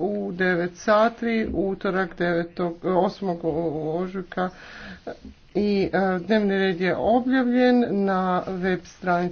u 9 sati, utorak 9. 8. ožujka i e, dnevni red je objavljen na web stranici